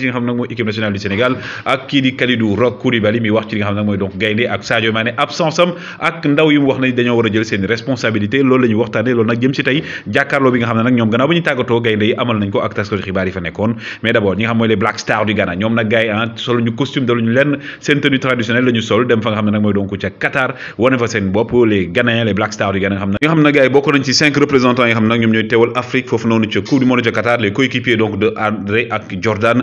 si nga xam nag mooy équipe nationale du Sénégal ak ki di Kalidou Rock Koulibaly mi wax ci nga xam nag mooy donc gaynde ak Sadio Mané absence am ak ndaw yi mu wax nañ dañoo wara jël seen responsabilité loolu lañu ñuy loolu nak jëm ci tay jakarlo bi nga xam nak ñom ñoom gannaaw ba ñu tàggatoo gaynde yi amal nañ ko ak taskatu xibaar yi fa nekkon mais d'abord ñi nga xam mooy les Black Stars du Ghana ñom nak gars yi ah ñu costume dalu luñu lenn seen tenue traditionnelle lañu sol dem fa nga xam ne nag donc ci Qatar woné fa seen bop les Ghanéens les Black Stars du Ghana nga xam ne nga xam ne gars yi nañ ci 5 représentants yi nga xam ne nag ñoom ñooy Afrique fofu nonu ci coupe du monde ca Qatar les coéquipiers donc de André ak Jordan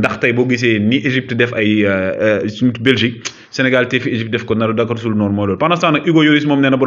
ndax tey boo gisee ni Égypte def ay euh, euh, Belgique Sénégal fi Égypte def ko nar d'accord sul noonu mooy loolu pendant ce ah, ne a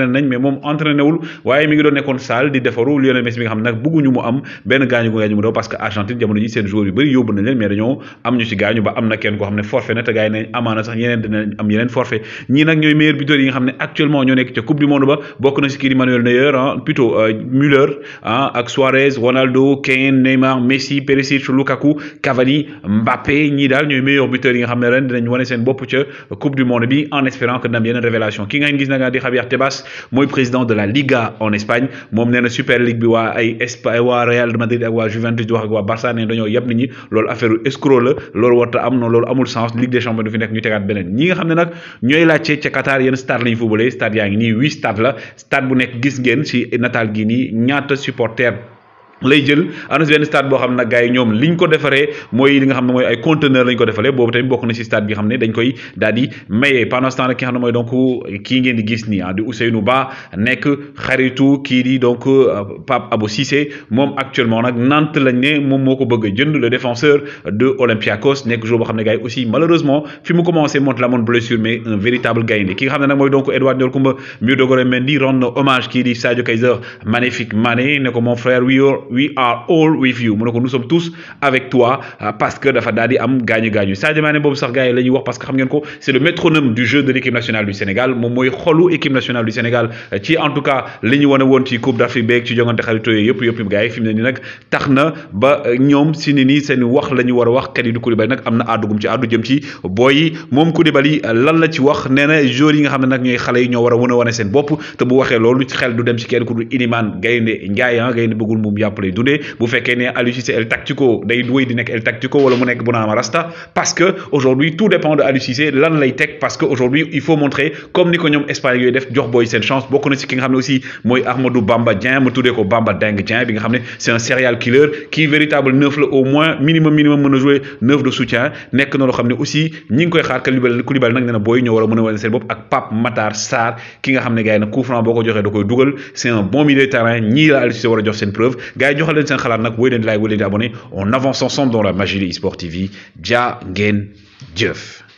euh, nañ mais moom entraîné wul waaye mi ngi doon nekkoon salle di defaru Lionel Messi mi nag bëgguñu mu am benn gaañu gaañu mu daw parce que Argentine jamono ji seen joueurs yu bëri yóbbu nañ leen mais dañoo am ñu ci gaañu ba am na kenn koo xam ne forfait na te gars yi amaana sax ñeneen dinañ am yeneen forfait ñii nag ñooy meilleur buteur nga xam ne actuellement ñoo nekk ca coupe du monde ba bokk na si kii di Manuel Neuer hein, plutôt euh, Müller hein, ak Suarez Ronaldo Kane Neymar Messi Perisic Lukaku Cavani Mbappé Nidal, daal ñooy meilleurs buteurs yi nga xam ne ren dinañ bopp coupe du monde bi en espérant que nous am une révélation ki nga gis na di Javier Tebas mooy président de la Liga en Espagne moom nee Super League bi waa ay Real Madrid ak waa Juventus di wax ak waa Barça ne dañoo yab nit ñi loolu affaire escroc la loolu warta am noonu amul sens Ligue des champions du fi nek ñu tegaat benen ñi nga xamné nak ñoy laccé ci Qatar yenn star lañu footballé stade yaangi ngi huit stade la stade bu nekk gis ngeen ci nataal gi nii ñaata supporter lay jël anus ben stade bo xam gaay ñom liñ ko defaree moy li nga xam moy ay conteneur lañ ko defaree bobu tamit bokku na ci stade bi xamné dañ koy daal di maye pendant ce temps ki nga moy donc ki ngeen di gis ni ah, di Ousseynou Ba nekk xaritu kii di donc euh, Pape Abou Cissé mom actuellement nak Nantes lañ né mom moko bëgg a jënd le défenseur de Olympiakos nek joueur bo xamné gaay aussi malheureusement fi mu commencé moonte la moon blessure mais un véritable gaynde ki nga xam ne nag mooy donc Edouard Ndiol Koumba Mio Dogore Mendy rend hommage ki di Sadio Kaiser magnifique Mané ne mon frère wio oh, we are all with you mu ne ko nous sommes tous avec toi euh, parce que dafa daal di am gaañu gaañu Sadio Mané boobu sax gars yi la ñuy wax parce que xam ngeen ko c'est le métronome du jeu de l'équipe nationale du Sénégal moom mooy xolu équipe nationale du Sénégal euh, ci en tout cas li ñu wane woon ci coupe d'Afrique beeg ci jongante xaritoo yooyu yëpp yëpp gars yi fi mu ne nii nag tax na ba euh, ñoom si ni nii seen wax la ñu war a wax Kalidou Koulibaly nag am na àddugum ci àddu jëm ci booy yi moom Koulibaly lan la ci wax nee na joueurs yi nga xam ne nag ñooy xale yi ñoo war a wane wane seen bopp te bu waxee loolu xel du dem ci kenn ku dul Iliman Gaynde Ndiaye ah Gaynde jàpp lay bu fekkee né Aliou Cissé El Tactico day wéy di nekk El Tactico wala mu nekk Bounama Rasta parce que aujourd'hui tout dépend de Aliou Cissé lan lay teg parce que aujourd'hui il faut montrer comme niko ñom ñoom Espagne yooyu def jox boy sen chance bokku na ci ki nga xamné aussi moy Ahmadou Bamba Dieng mu tudé ko Bamba Deng Dieng bi nga xamné c'est un serial killer qui véritable neuf la au moins minimum minimum mën jouer neuf de soutien nekk na lo xamné aussi ñi ngi koy xaar Koulibaly Koulibaly nag nee na booy ñoo war wala mën a wane seen ak Pape Matar sar ki nga xamné ne gars yi nag coup franc boo ko da koy dugal c'est un bon milieu de terrain ñi la Aliou Cissé war jox sen preuve gars yi joxe leen seen xalaat nag wéy leen di like wéy leen abonné on avance ensemble dans la magie de Sport TV jaa ngeen jëf